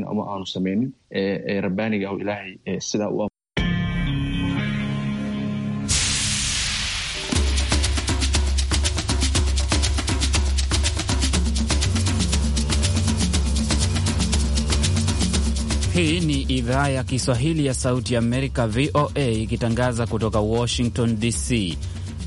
ama aanu samaynin ee rabbaaniga aw ilaahay sidaa u Hii ni idhaa ya Kiswahili ya Sauti ya Amerika, VOA, ikitangaza kutoka Washington DC.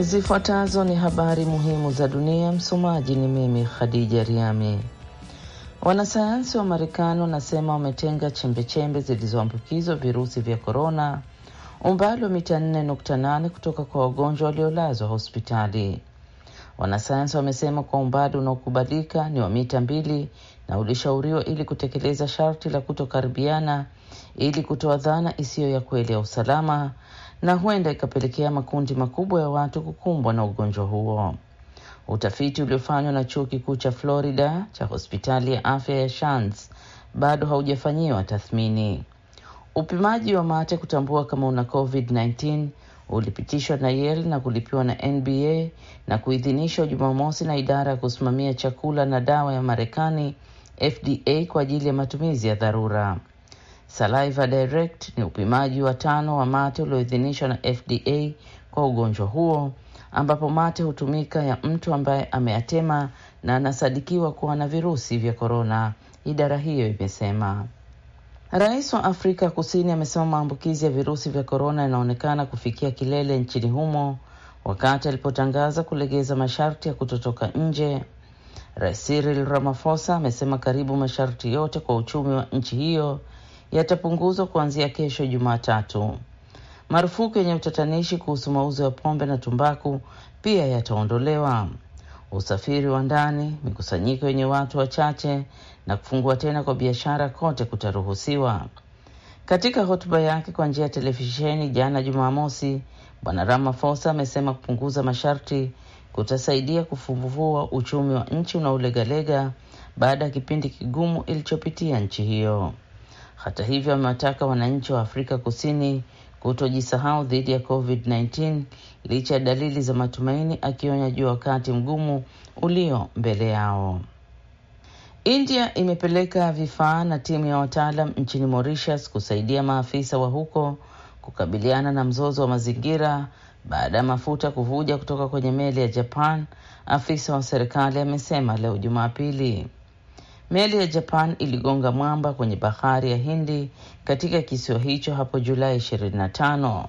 Zifuatazo ni habari muhimu za dunia. Msomaji ni mimi Khadija Riami. Wanasayansi wa Marekani wanasema wametenga chembechembe zilizoambukizwa virusi vya korona umbali wa mita 4.8 kutoka kwa wagonjwa waliolazwa hospitali. Wanasayansi wamesema kwa umbali unaokubalika ni wa mita mbili na ulishauriwa ili kutekeleza sharti la kutokaribiana ili kutoa dhana isiyo ya kweli ya usalama na huenda ikapelekea makundi makubwa ya watu kukumbwa na ugonjwa huo. Utafiti uliofanywa na chuo kikuu cha Florida cha hospitali ya afya ya Shands bado haujafanyiwa tathmini. Upimaji wa mate kutambua kama una COVID-19 ulipitishwa na Yale na kulipiwa na NBA na kuidhinishwa Jumamosi na idara ya kusimamia chakula na dawa ya Marekani FDA kwa ajili ya matumizi ya dharura. Saliva Direct ni upimaji wa tano wa mate ulioidhinishwa na FDA kwa ugonjwa huo ambapo mate hutumika ya mtu ambaye ameyatema na anasadikiwa kuwa na virusi vya korona, idara hiyo imesema. Rais wa Afrika Kusini amesema maambukizi ya virusi vya korona yanaonekana kufikia kilele nchini humo wakati alipotangaza kulegeza masharti ya kutotoka nje. Rais Cyril Ramaphosa amesema karibu masharti yote kwa uchumi wa nchi hiyo yatapunguzwa kuanzia kesho Jumatatu. Marufuku yenye utatanishi kuhusu mauzo ya pombe na tumbaku pia yataondolewa. Usafiri wa ndani, mikusanyiko yenye watu wachache na kufungua tena kwa biashara kote kutaruhusiwa. Katika hotuba yake kwa njia ya televisheni jana Jumamosi, Bwana Ramaphosa amesema kupunguza masharti kutasaidia kufufua uchumi wa nchi unaolegalega baada ya kipindi kigumu ilichopitia nchi hiyo. Hata hivyo, amewataka wananchi wa Afrika Kusini kutojisahau dhidi ya COVID-19 licha ya dalili za matumaini, akionya juu wakati mgumu ulio mbele yao. India imepeleka vifaa na timu ya wataalam nchini Mauritius kusaidia maafisa wa huko kukabiliana na mzozo wa mazingira baada ya mafuta kuvuja kutoka kwenye meli ya Japan, afisa wa serikali amesema leo Jumapili. Meli ya Japan iligonga mwamba kwenye bahari ya Hindi katika kisiwa hicho hapo Julai 25.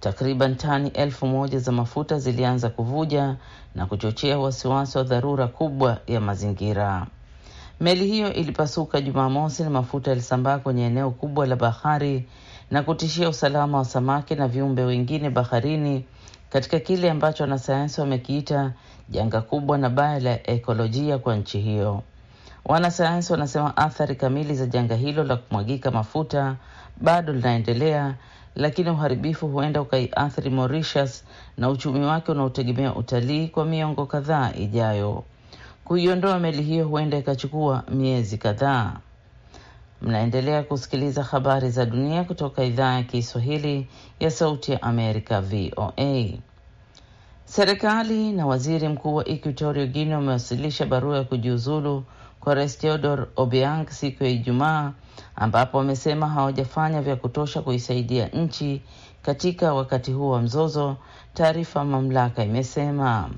Takriban tani elfu moja za mafuta zilianza kuvuja na kuchochea wasiwasi wa dharura kubwa ya mazingira. Meli hiyo ilipasuka Jumamosi na mafuta yalisambaa kwenye eneo kubwa la bahari na kutishia usalama wa samaki na viumbe wengine baharini katika kile ambacho wanasayansi wamekiita janga kubwa na baya la ekolojia kwa nchi hiyo. Wanasayansi wanasema athari kamili za janga hilo la kumwagika mafuta bado linaendelea, lakini uharibifu huenda ukaiathiri Mauritius na uchumi wake unaotegemea utalii kwa miongo kadhaa ijayo. Kuiondoa meli hiyo huenda ikachukua miezi kadhaa. Mnaendelea kusikiliza habari za dunia kutoka idhaa ya Kiswahili ya Sauti ya Amerika, VOA. Serikali na waziri mkuu wa equitorio Guinea wamewasilisha barua ya kujiuzulu rais Theodor Obiang siku ya Ijumaa, ambapo wamesema hawajafanya vya kutosha kuisaidia nchi katika wakati huu wa mzozo. Taarifa mamlaka imesema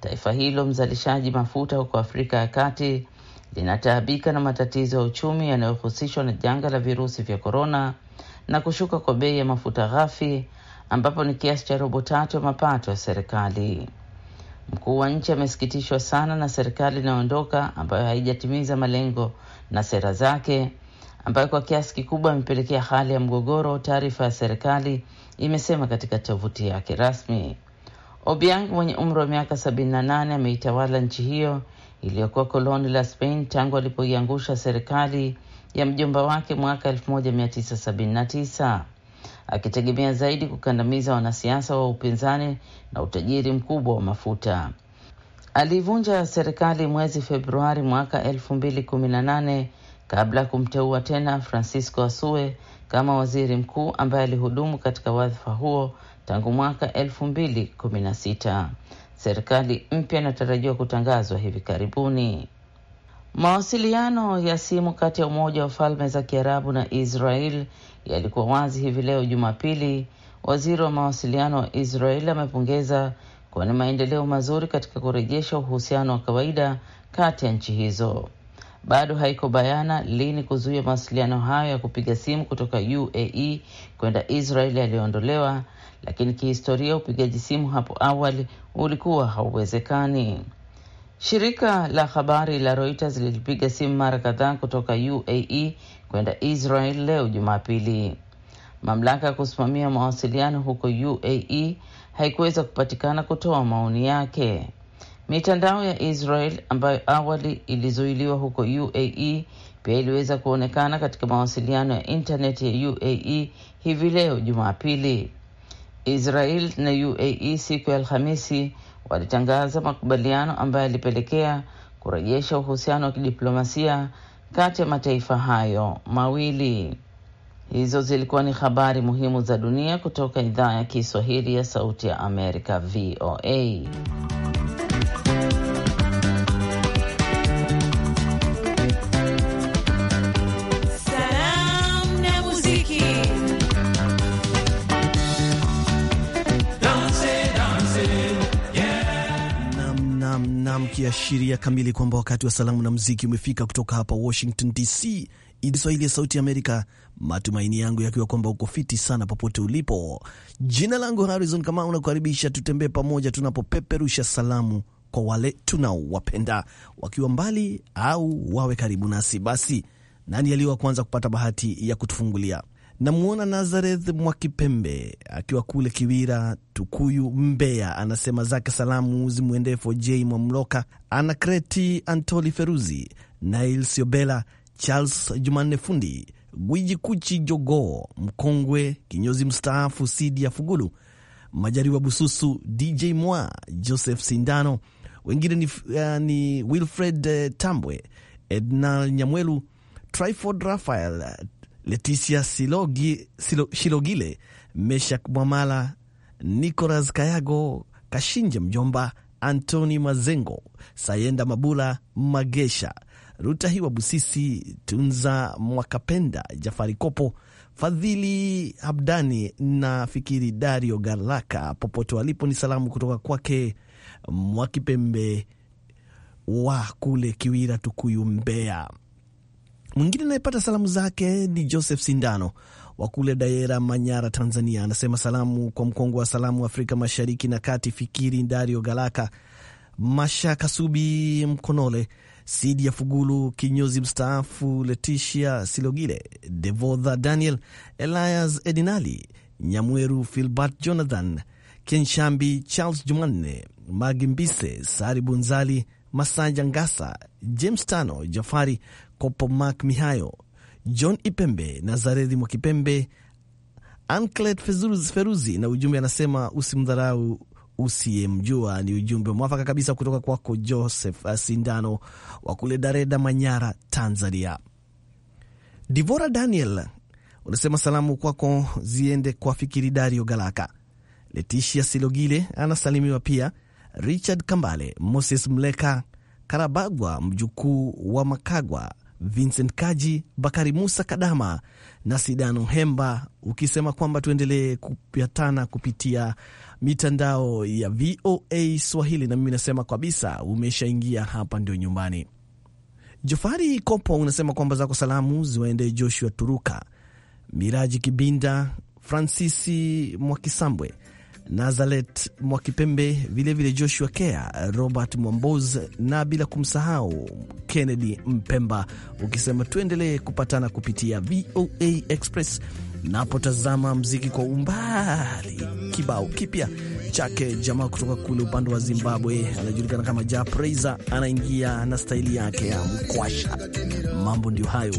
taifa hilo mzalishaji mafuta huko Afrika ya Kati linataabika na matatizo ya uchumi yanayohusishwa na janga la virusi vya korona na kushuka kwa bei ya mafuta ghafi ambapo ni kiasi cha robo tatu ya mapato ya serikali. Mkuu wa nchi amesikitishwa sana na serikali inayoondoka ambayo haijatimiza malengo na sera zake, ambayo kwa kiasi kikubwa amepelekea hali ya mgogoro, taarifa ya serikali imesema katika tovuti yake rasmi. Obiang mwenye umri wa miaka 78 ameitawala nchi hiyo iliyokuwa koloni la Spain tangu alipoiangusha serikali ya mjomba wake mwaka 1979 akitegemea zaidi kukandamiza wanasiasa wa upinzani na utajiri mkubwa wa mafuta. Aliivunja serikali mwezi Februari mwaka elfu mbili kumi na nane kabla ya kumteua tena Francisco Asue kama waziri mkuu ambaye alihudumu katika wadhifa huo tangu mwaka elfu mbili kumi na sita. Serikali mpya inatarajiwa kutangazwa hivi karibuni. Mawasiliano ya simu kati ya Umoja wa Falme za Kiarabu na Israel yalikuwa wazi hivi leo Jumapili. Waziri wa mawasiliano wa Israel amepongeza kuwa ni maendeleo mazuri katika kurejesha uhusiano wa kawaida kati ya nchi hizo. Bado haiko bayana lini kuzuia mawasiliano hayo ya kupiga simu kutoka UAE kwenda Israel yaliyoondolewa, lakini kihistoria upigaji simu hapo awali ulikuwa hauwezekani. Shirika la habari la Reuters lilipiga simu mara kadhaa kutoka UAE kwenda Israel leo Jumapili. Mamlaka ya kusimamia mawasiliano huko UAE haikuweza kupatikana kutoa maoni yake. Mitandao ya Israel ambayo awali ilizuiliwa huko UAE pia iliweza kuonekana katika mawasiliano ya intaneti ya UAE hivi leo Jumapili. Israel na UAE siku ya Alhamisi walitangaza makubaliano ambayo yalipelekea kurejesha uhusiano wa kidiplomasia kati ya mataifa hayo mawili. Hizo zilikuwa ni habari muhimu za dunia kutoka idhaa ya Kiswahili ya Sauti ya Amerika, VOA. salaam, kiashiria kamili kwamba wakati wa salamu na mziki umefika. Kutoka hapa Washington DC, idhaa Kiswahili ya Sauti Amerika, matumaini yangu yakiwa kwamba uko fiti sana popote ulipo. Jina langu Harrison Kamau, nakukaribisha tutembee pamoja tunapopeperusha salamu kwa wale tunaowapenda wakiwa mbali au wawe karibu nasi. Basi nani aliyo wa kwanza kupata bahati ya kutufungulia? Namwona Nazareth Mwakipembe akiwa kule Kiwira, Tukuyu, Mbeya, anasema zake salamu zimwendee j Mwamloka, Ana Kreti, Antoli Feruzi, Nail Siobela, Charles Jumanne Fundi, Gwiji Kuchi Jogoo Mkongwe, kinyozi mstaafu Sidi ya Fugulu, Majariwa Bususu, DJ Mwa, Joseph Sindano, wengine ni, uh, ni Wilfred uh, Tambwe, Ednal Nyamwelu, Tryford Rafael, Leticia Silogi, Silo, Shilogile, Meshak Mwamala, Nicolas Kayago Kashinje, mjomba Antoni Mazengo, Sayenda Mabula Magesha, ruta hiwa Busisi, Tunza Mwakapenda, Jafari Kopo, Fadhili Habdani na Fikiri Dario Garlaka, popote walipo, ni salamu kutoka kwake Mwakipembe wa kule Kiwira, Tukuyu, Mbeya. Mwingine anayepata salamu zake ni Joseph Sindano wa kule Daera, Manyara, Tanzania. Anasema salamu kwa mkongwe wa salamu Afrika Mashariki na Kati, Fikiri Dario Galaka Masha, Kasubi Mkonole, Sidi ya Fugulu, kinyozi mstaafu, Letitia Silogile, Devodha Daniel, Elias Edinali, Nyamweru Filbert, Jonathan Kenshambi, Charles Jumanne Magimbise, Sari Bunzali, Masanja Ngasa, James Tano, Jafari Copomac Mihayo, John Ipembe na Zaredi Mwakipembe, Anclet Feruzi na ujumbe anasema usimdharau usiyemjua. Ni ujumbe mwafaka kabisa kutoka kwako Joseph Sindano wa kule Dareda, Manyara, Tanzania. Divora Daniel unasema salamu kwako ziende kwa Fikiri Dario Galaka, Letishia Silogile anasalimiwa pia, Richard Kambale, Moses Mleka Karabagwa, mjukuu wa Makagwa Vincent Kaji, Bakari Musa Kadama na Sidano Hemba, ukisema kwamba tuendelee kupatana kupitia mitandao ya VOA Swahili, na mimi nasema kabisa umeshaingia hapa, ndio nyumbani. Jofari Kopo unasema kwamba zako salamu ziwaendee Joshua Turuka, Miraji Kibinda, Francisi Mwakisambwe, Nazaret Mwakipembe, vilevile Joshua Kea, Robert Mwamboz na bila kumsahau Kennedy Mpemba, ukisema tuendelee kupatana kupitia VOA Express. Napotazama mziki kwa umbali, kibao kipya chake jamaa kutoka kule upande wa Zimbabwe anajulikana kama Ja Praiser, anaingia na staili yake ya mkwasha. Mambo ndio hayo.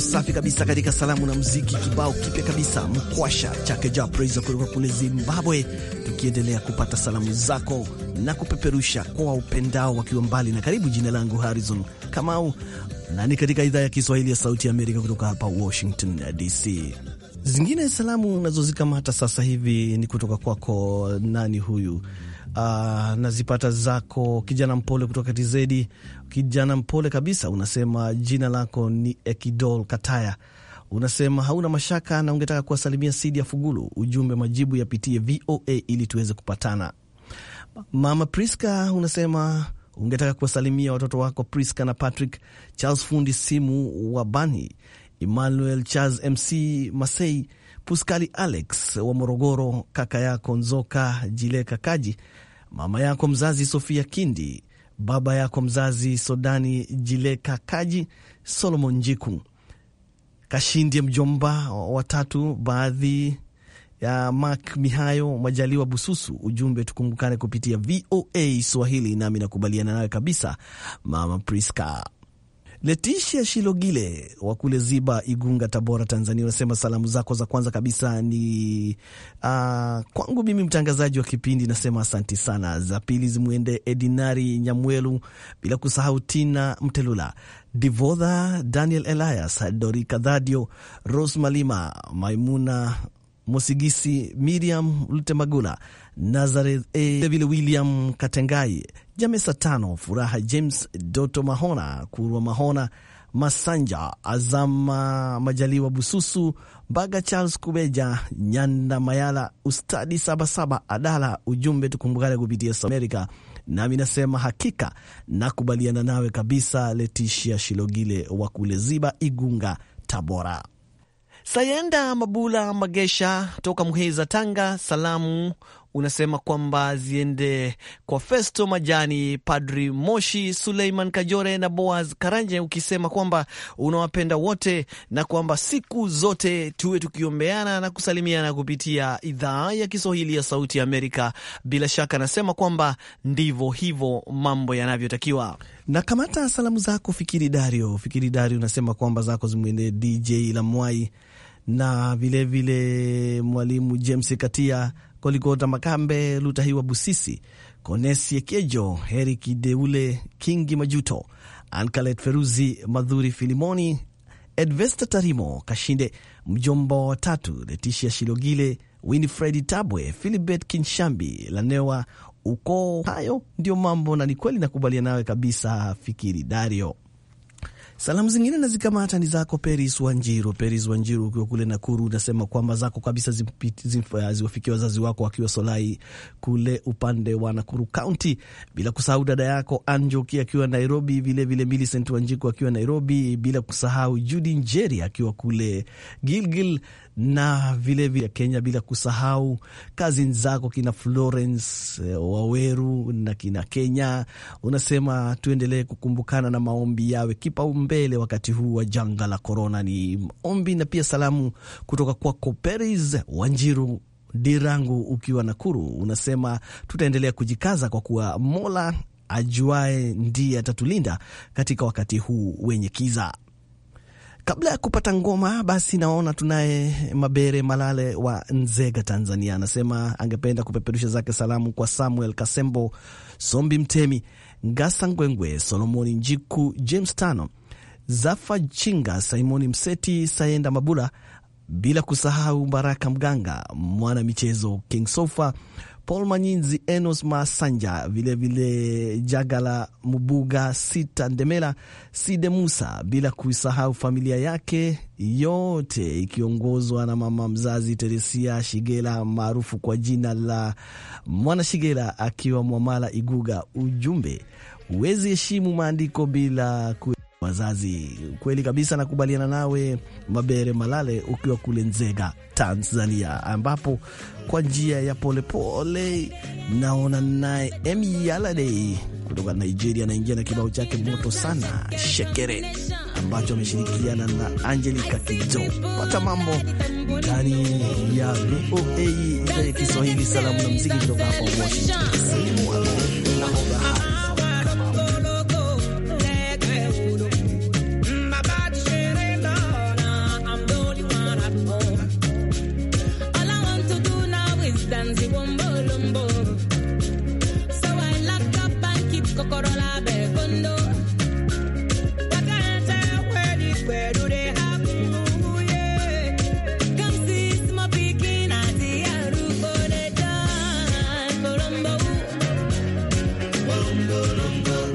safi kabisa katika salamu na muziki. Kibao kipya kabisa mkwasha chake Ja Praise kutoka kule Zimbabwe, tukiendelea kupata salamu zako na kupeperusha kwa upendao wakiwa mbali na karibu. Jina langu Harrison Kamau na ni katika idhaa ya Kiswahili ya Sauti ya Amerika kutoka hapa Washington DC. Zingine salamu nazozikamata sasa hivi ni kutoka kwako nani huyu Uh, ah, na zipata zako kijana mpole kutoka Tizedi. Kijana mpole kabisa, unasema jina lako ni Ekidol Kataya, unasema hauna mashaka na ungetaka kuwasalimia Sidi ya Fugulu. Ujumbe majibu yapitie VOA ili tuweze kupatana. Mama Priska unasema ungetaka kuwasalimia watoto wako Priska na Patrick Charles, fundi simu wa Bani Emmanuel Charles, MC Masei Puskali Alex wa Morogoro, kaka yako Nzoka Jileka Kaji, mama yako mzazi Sofia Kindi, baba yako mzazi Sodani Jileka Kaji, Solomon Njiku Kashindi, mjomba watatu, baadhi ya Mak Mihayo Majaliwa Bususu. Ujumbe, tukumbukane kupitia VOA Swahili, nami nakubaliana nawe kabisa, Mama Priska letisia Shilogile wa kule Ziba, Igunga, Tabora, Tanzania, unasema salamu zako za kwanza kabisa ni uh, kwangu mimi mtangazaji wa kipindi, nasema asanti sana. Za pili zimwende Edinari Nyamwelu, bila kusahau Tina Mtelula, Divodha Daniel Elias, Dorika Dhadio, Rose Malima, Maimuna Mosigisi, Miriam Lutemagula Nazareth eh, A, William Katengai, Jamesa Tano, Furaha James, Doto Mahona, Kurwa Mahona, Masanja Azama, Majaliwa Bususu, Baga Charles Kubeja, Nyanda Mayala, Ustadi Sabasaba Adala. Ujumbe tukumbukane kupitia Amerika. Nami nasema hakika nakubaliana nawe kabisa, Letishia Shilogile wa kule Ziba, Igunga, Tabora. Sayenda Mabula Magesha toka Muheza, Tanga, salamu unasema kwamba ziende kwa Festo Majani, Padri Moshi, Suleiman Kajore na Boaz Karanje, ukisema kwamba unawapenda wote na kwamba siku zote tuwe tukiombeana na kusalimiana kupitia idhaa ya Kiswahili ya Sauti ya Amerika. Bila shaka anasema kwamba ndivyo hivyo mambo yanavyotakiwa. Na kamata salamu zako Fikiri Dario. Fikiri Dario unasema kwamba zako zimwende DJ Lamwai na vilevile vile mwalimu James Katia Koligota Makambe, Lutahiwa Busisi, Konesi Kejo, Heri Kideule, Kingi Majuto, Ankalet Feruzi, Madhuri Filimoni, Edvesta Tarimo Kashinde, mjomba wa tatu Letishia Shilogile, winfred Tabwe, filibet Kinshambi Lanewa, ukoo. Hayo ndio mambo, na ni kweli nakubalia nawe kabisa, Fikiri Dario. Salamu zingine nazikamata ni zako Peris Wanjiru. Peris Wanjiru, ukiwa kule Nakuru, unasema kwamba zako kabisa eh, ziwafikia wazazi wako wakiwa Solai kule upande wa Nakuru Kaunti, bila kusahau dada yako Anjoki akiwa Nairobi, vilevile Milicent Wanjiku akiwa Nairobi, bila kusahau Judi Njeri akiwa kule Gilgil na vilevile vile Kenya, bila kusahau kazi zako kina Florence eh, Waweru na kina Kenya. Unasema tuendelee kukumbukana na maombi yawe kipaumbele wakati huu wa janga la korona. Ni ombi na pia salamu kutoka kwako Peris Wanjiru Dirangu ukiwa Nakuru. Unasema tutaendelea kujikaza kwa kuwa Mola ajuae ndiye atatulinda katika wakati huu wenye kiza. Kabla ya kupata ngoma, basi naona tunaye Mabere Malale wa Nzega, Tanzania. Anasema angependa kupeperusha zake salamu kwa Samuel Kasembo, Sombi Mtemi, Ngasa Ngwengwe, Solomoni Njiku, James Tano, Zafa Chinga, Simoni Mseti, Sayenda Mabula, bila kusahau Baraka Mganga, mwana michezo King Sofa Paul Manyinzi, Enos Masanja, vilevile Jagala Mubuga, Sita Ndemela, Side Musa, bila kuisahau familia yake yote ikiongozwa na mama mzazi Teresia Shigela maarufu kwa jina la Mwana Shigela, akiwa Mwamala Iguga. Ujumbe, huwezi heshimu maandiko bila ku wazazi. Kweli kabisa, nakubaliana nawe Mabere Malale, ukiwa kule Nzega, Tanzania, ambapo kwa njia ya polepole naona naye Emi Yalade kutoka Nigeria anaingia na kibao chake moto sana Shekere ambacho ameshirikiana na angelika Kijo. Pata mambo ndani ya VOA idhaa ya Kiswahili, salamu na mziki kutoka hapa Washington. dum dum dum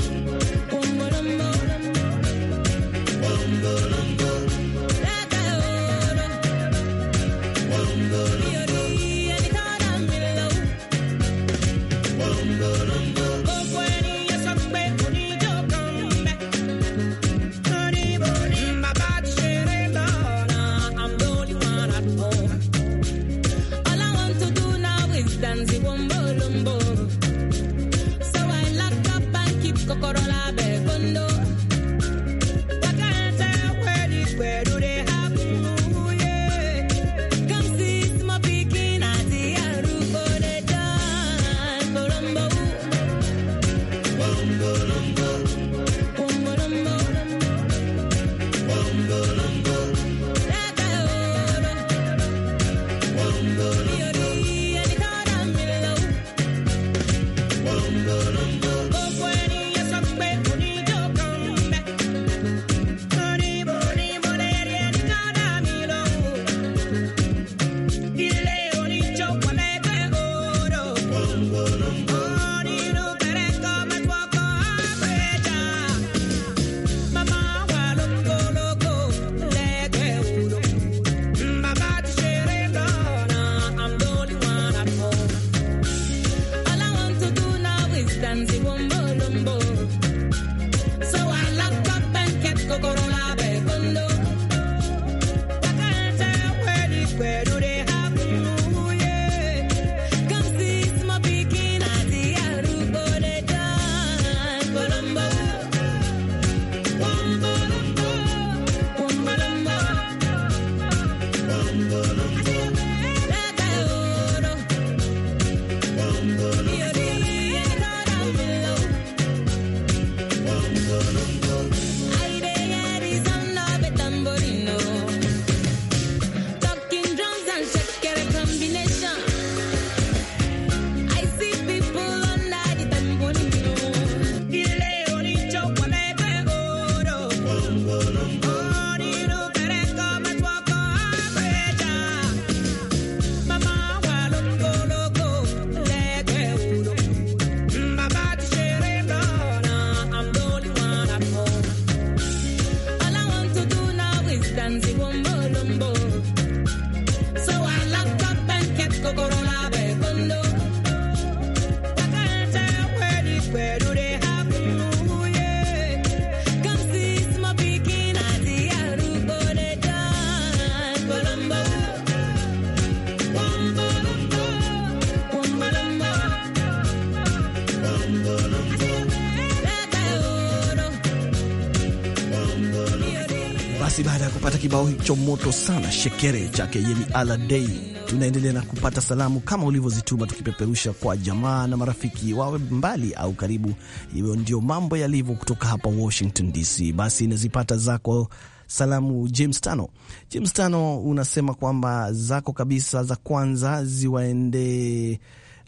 ya kupata kibao hicho moto sana shekere chake Yemi Aladei. Tunaendelea na kupata salamu kama ulivyozituma, tukipeperusha kwa jamaa na marafiki, wawe mbali au karibu. Hiyo ndio mambo yalivyo kutoka hapa Washington DC. Basi nazipata zako salamu James Tano. James Tano unasema kwamba zako kabisa za kwanza ziwaende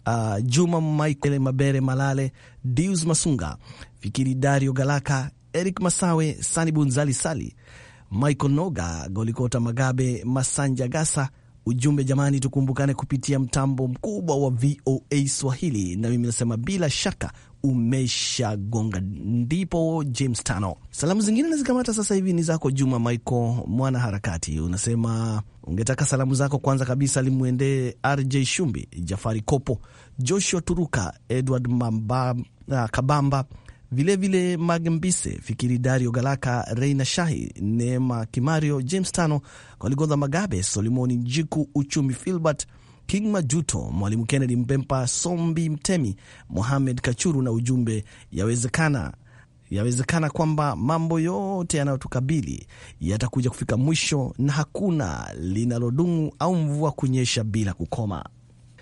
uh, Juma Michael Mabere Malale, Dius Masunga, Fikiri Dario Galaka, Eric Masawe, Sani Bunzali Sali, Sali Michael Noga, Golikota Magabe, Masanja Gasa. Ujumbe jamani, tukumbukane kupitia mtambo mkubwa wa VOA Swahili. Na mimi nasema bila shaka umeshagonga ndipo James Tano. Salamu zingine nazikamata sasa hivi ni zako Juma Michael mwana harakati, unasema ungetaka salamu zako kwanza kabisa limwendee RJ Shumbi, Jafari Kopo, Joshua Turuka, Edward Mamba ah, Kabamba vilevile Magembise Fikiri, Dario Galaka, Reina Shahi, Neema Kimario, James Tano, Kaligodha Magabe, Solomoni Njiku, Uchumi Filbert King Majuto, Mwalimu Kennedy Mpempa, Sombi Mtemi, Mohamed Kachuru na ujumbe, yawezekana yawezekana kwamba mambo yote yanayotukabili yatakuja kufika mwisho na hakuna linalodumu au mvua kunyesha bila kukoma.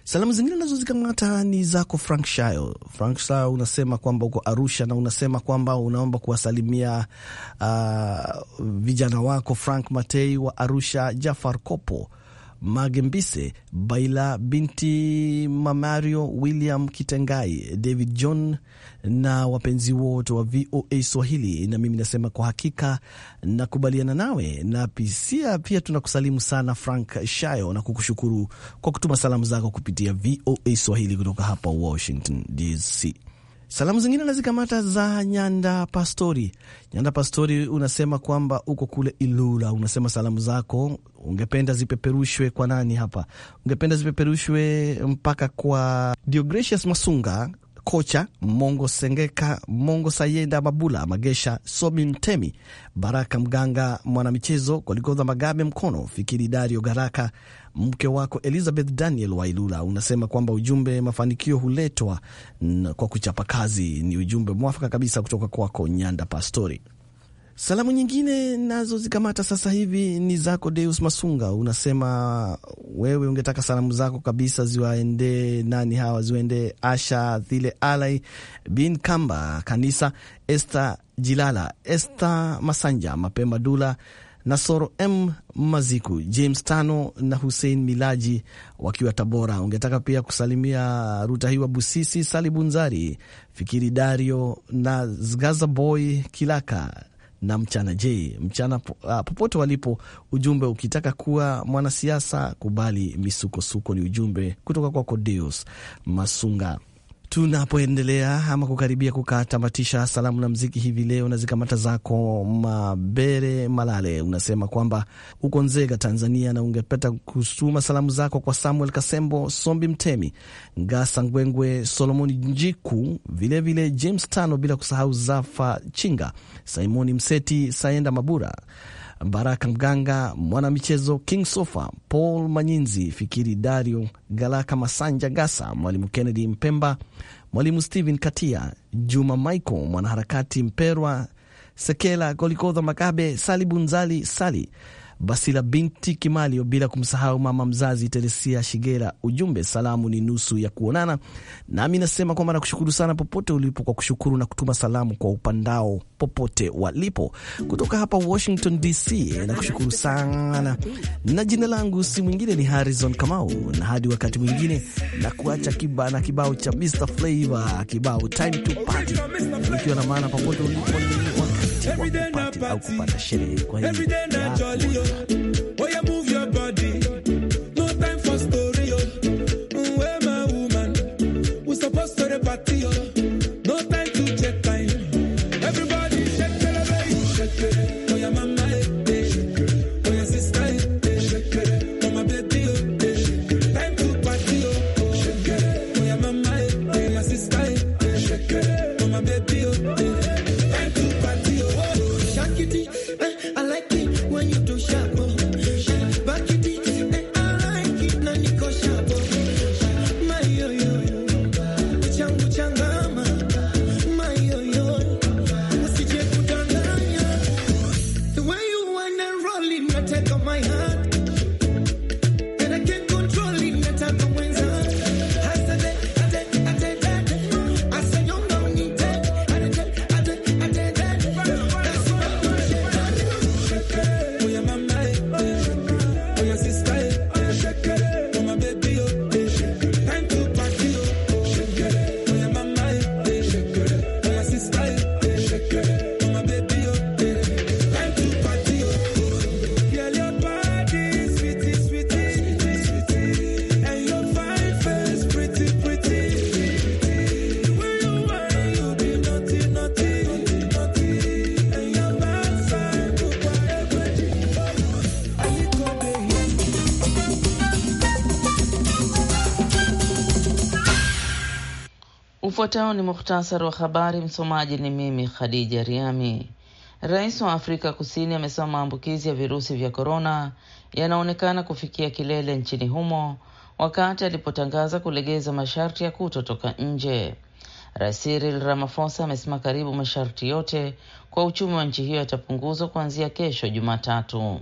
Salamu zingine nazozikamata ni zako Frank Shayo. Frank Shayo unasema kwamba uko Arusha na unasema kwamba unaomba kuwasalimia uh, vijana wako Frank Matei wa Arusha, Jafar Kopo Magembise Baila binti Mamario, William Kitengai, David John na wapenzi wote wa VOA Swahili. Na mimi nasema kwa hakika nakubaliana nawe na pisia. Pia tunakusalimu sana Frank Shayo na kukushukuru kwa kutuma salamu zako kupitia VOA Swahili kutoka hapa Washington DC. Salamu zingine nazikamata za Nyanda Pastori. Nyanda Pastori, unasema kwamba uko kule Ilula, unasema salamu zako ungependa zipeperushwe kwa nani hapa? Ungependa zipeperushwe mpaka kwa Diogratius Masunga, kocha Mongo Sengeka, Mongo Sayenda Mabula, Magesha Sobi, Ntemi Baraka Mganga, mwanamichezo Goligodha Magabe Mkono, Fikiri Dario Garaka, mke wako Elizabeth Daniel Wailula. Unasema kwamba ujumbe, mafanikio huletwa kwa kuchapa kazi. Ni ujumbe mwafaka kabisa kutoka kwako Nyanda Pastori. Salamu nyingine nazo zikamata sasa hivi ni zako Deus Masunga, unasema wewe ungetaka salamu zako kabisa ziwaendee nani hawa? Ziwaendee Asha Thile Alai bin Kamba Kanisa, Esta Jilala, Esta Masanja, Mapema Dula, Nasoro M Maziku, James Tano na Hussein Milaji wakiwa Tabora. Ungetaka pia kusalimia ruta Hiwa Busisi, Salibunzari, Fikiri Dario na Zgaza Boy Kilaka na mchana. Je, mchana ah, popote walipo, ujumbe ukitaka kuwa mwanasiasa, kubali misukosuko. Ni ujumbe kutoka kwako Deus Masunga tunapoendelea ama kukaribia kukatamatisha salamu na mziki hivi leo, na zikamata zako Mabere Malale, unasema kwamba uko Nzega, Tanzania, na ungepeta kusuma salamu zako kwa Samuel Kasembo, Sombi Mtemi, Ngasa Ngwengwe, Solomoni Njiku, vilevile vile James Tano, bila kusahau Zafa Chinga, Simoni Mseti, Saenda Mabura Baraka Mganga, mwanamichezo King Sofa, Paul Manyinzi, Fikiri Dario, Galaka Masanja Gasa, Mwalimu Kennedy Mpemba, Mwalimu Stephen Katia, Juma Michael, mwanaharakati Mperwa Sekela, Golikodha Magabe, Sali Bunzali Sali Basila binti Kimalio, bila kumsahau mama mzazi Teresia Shigera. Ujumbe, salamu ni nusu ya kuonana, nami nasema kwamba nakushukuru sana popote ulipo kwa kushukuru na kutuma salamu kwa upandao popote walipo. Kutoka hapa Washington DC nakushukuru sana, na jina langu si mwingine ni Harrison Kamau, na hadi wakati mwingine na kuacha kiba na kibao cha Mr Flavor, kibao time to party, ikiwa na maana popote ulipo ni... wakupate au kupata sherehe. Kwa hiyo Ufuatao ni muhtasari wa habari. Msomaji ni mimi Khadija Riami. Rais wa Afrika Kusini amesema maambukizi ya virusi vya korona yanaonekana kufikia kilele nchini humo wakati alipotangaza kulegeza masharti ya kutotoka nje. Rais Cyril Ramaphosa amesema karibu masharti yote kwa uchumi wa nchi hiyo yatapunguzwa kuanzia kesho Jumatatu.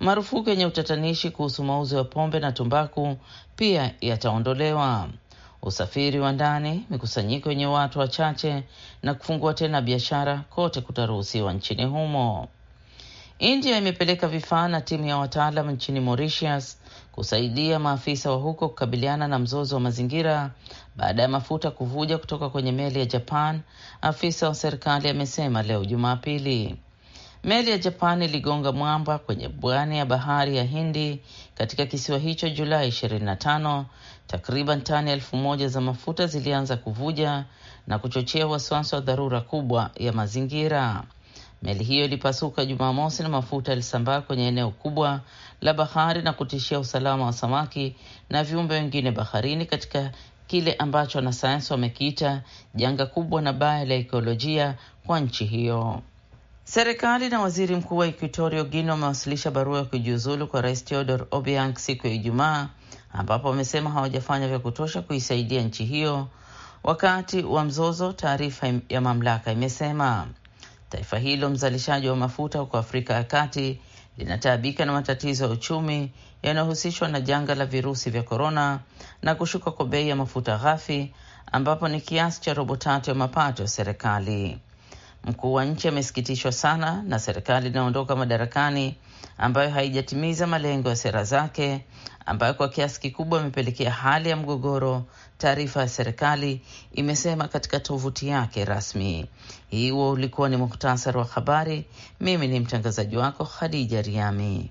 Marufuku yenye utatanishi kuhusu mauzo ya pombe na tumbaku pia yataondolewa usafiri wa ndani, mikusanyiko yenye watu wachache na kufungua tena biashara kote kutaruhusiwa nchini humo. India imepeleka vifaa na timu ya wataalam nchini Mauritius kusaidia maafisa wa huko kukabiliana na mzozo wa mazingira baada ya mafuta kuvuja kutoka kwenye meli ya Japan, afisa wa serikali amesema leo Jumapili. Meli ya Japan iligonga mwamba kwenye bwani ya bahari ya Hindi katika kisiwa hicho Julai Takriban tani elfu moja za mafuta zilianza kuvuja na kuchochea wasiwasi wa dharura kubwa ya mazingira. Meli hiyo ilipasuka Jumamosi na mafuta yalisambaa kwenye eneo kubwa la bahari na kutishia usalama wa samaki na viumbe wengine baharini katika kile ambacho wanasayansi wamekiita janga kubwa na baya la ekolojia kwa nchi hiyo. Serikali na waziri mkuu wa Equatorio Guinea wamewasilisha barua ya kujiuzulu kwa Rais Teodor Obiang siku ya Ijumaa ambapo wamesema hawajafanya vya kutosha kuisaidia nchi hiyo wakati wa mzozo. Taarifa ya mamlaka imesema taifa hilo mzalishaji wa mafuta huko Afrika ya Kati linataabika na matatizo ya uchumi yanayohusishwa na janga la virusi vya korona na kushuka kwa bei ya mafuta ghafi, ambapo ni kiasi cha robo tatu ya mapato ya serikali. Mkuu wa nchi amesikitishwa sana na serikali inayoondoka madarakani ambayo haijatimiza malengo ya sera zake ambayo kwa kiasi kikubwa imepelekea hali ya mgogoro, taarifa ya serikali imesema katika tovuti yake rasmi. Hiwo ulikuwa ni muhtasari wa habari. Mimi ni mtangazaji wako Khadija Riami.